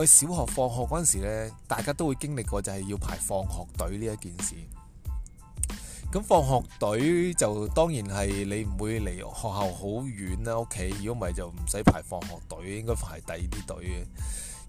我喺小學放學嗰陣時呢，大家都會經歷過就係要排放學隊呢一件事。咁放學隊就當然係你唔會離學校好遠啦，屋企如果唔係就唔使排放學隊，應該排第二啲隊嘅。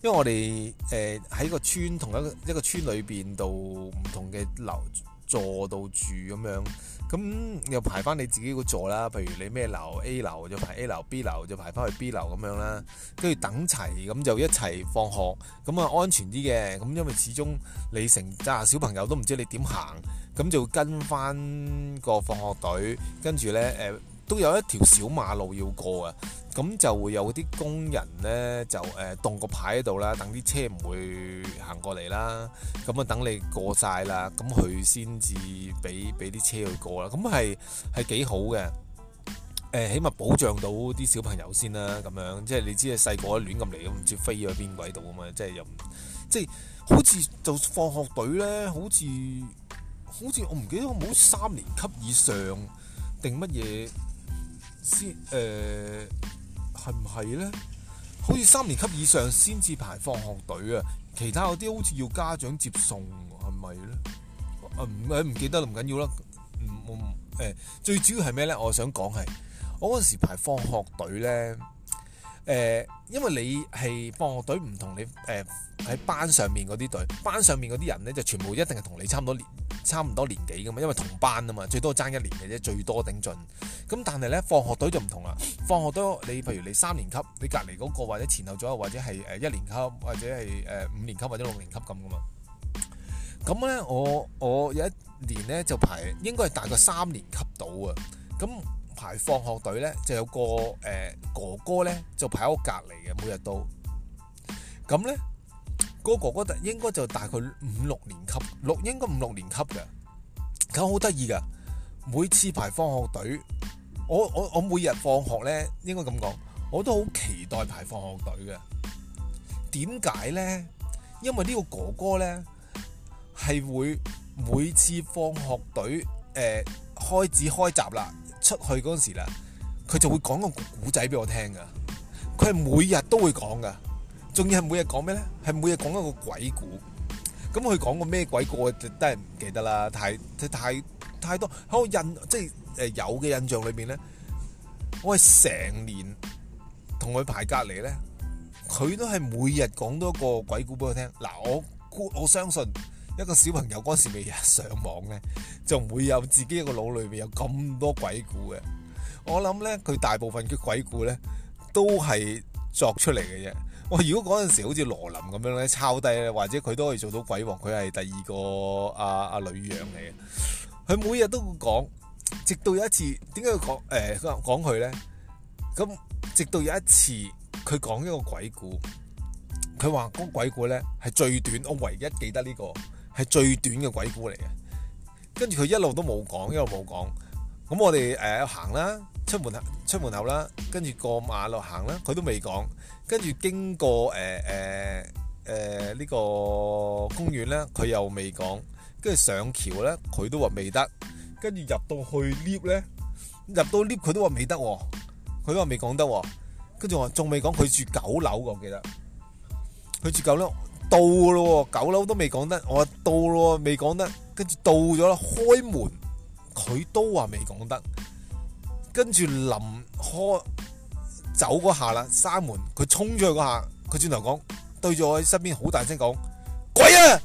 因為我哋誒喺個村同一個一個村裏邊度唔同嘅樓。坐到住咁樣，咁又排翻你自己個座啦。譬如你咩樓 A 樓就排 A 樓，B 樓就排翻去 B 樓咁樣啦。跟住等齊咁就一齊放學，咁啊安全啲嘅。咁因為始終你成紮小朋友都唔知你點行，咁就跟翻個放學隊，跟住呢。誒、呃。都有一條小馬路要過啊，咁就會有啲工人咧就誒棟、呃、個牌喺度啦，等啲車唔會行過嚟啦，咁啊等你過晒啦，咁佢先至俾俾啲車去過啦，咁係係幾好嘅，誒、呃、起碼保障到啲小朋友先啦，咁樣即係你知啊細個一亂咁嚟，唔知飛咗邊鬼度啊嘛，即係又唔即係好似就放學隊咧，好似好似我唔記得我冇三年級以上定乜嘢。先誒係唔係咧？好似三年級以上先至排放學隊啊，其他有啲好似要家長接送係咪咧？啊唔誒唔記得啦，唔緊要啦，唔我唔、欸、最主要係咩咧？我想講係我嗰陣時排放學隊咧。誒、呃，因為你係放學隊唔同你誒喺、呃、班上面嗰啲隊，班上面嗰啲人呢，就全部一定係同你差唔多年差唔多年紀噶嘛，因為同班啊嘛，最多爭一年嘅啫，最多頂盡。咁但係呢，放學隊就唔同啦。放學隊你譬如你三年級，你隔籬嗰個或者前後左右或者係誒一年級或者係誒五年級或者六年級咁噶嘛。咁呢，我我有一年呢，就排應該係大概三年級到啊。咁。排放學隊咧，就有個誒、呃、哥哥咧，就排喺我隔籬嘅，每日都咁咧，呢嗰個哥哥就應該就大概五六年級，六應該五六年級嘅。咁好得意㗎，每次排放學隊，我我我每日放學咧，應該咁講，我都好期待排放學隊嘅。點解咧？因為呢個哥哥咧係會每次放學隊誒。呃開始開閘啦，出去嗰時啦，佢就會講個古仔俾我聽噶。佢係每日都會講噶，仲要係每日講咩咧？係每日講一個鬼故。咁佢講個咩鬼故，就真係唔記得啦。太太太多喺我印，即係誒有嘅印象裏邊咧，我係成年同佢排隔籬咧，佢都係每日講多個鬼故俾我聽。嗱，我我相信。一個小朋友嗰時未上網咧，就唔會有自己一個腦裏邊有咁多鬼故嘅。我諗咧，佢大部分嘅鬼故咧都係作出嚟嘅啫。我如果嗰陣時好似羅琳咁樣咧，抄低或者佢都可以做到鬼王，佢係第二個阿阿女樣嚟嘅。佢、啊啊、每日都會講，直到有一次，點解佢講誒講佢咧？咁、呃、直到有一次，佢講一個鬼故，佢話嗰個鬼故咧係最短，我唯一記得呢、這個。係最短嘅鬼故嚟嘅，跟住佢一路都冇講，一路冇講。咁我哋誒行啦，出門出門口啦，跟住過馬路行啦，佢都未講。跟住經過誒誒誒呢個公園咧，佢又未講。跟住上橋咧，佢都話未得。跟住入到去 lift 咧，入到 lift 佢都話未得。佢都話未講得。跟住話仲未講，佢住九樓，我記得。佢住九樓。到咯，九樓都未講得，我話到咯，未講得，跟住到咗啦，開門，佢都話未講得，跟住臨開走嗰下啦，閂門，佢衝出去嗰下，佢轉頭講，對住我喺身邊好大聲講，鬼啊！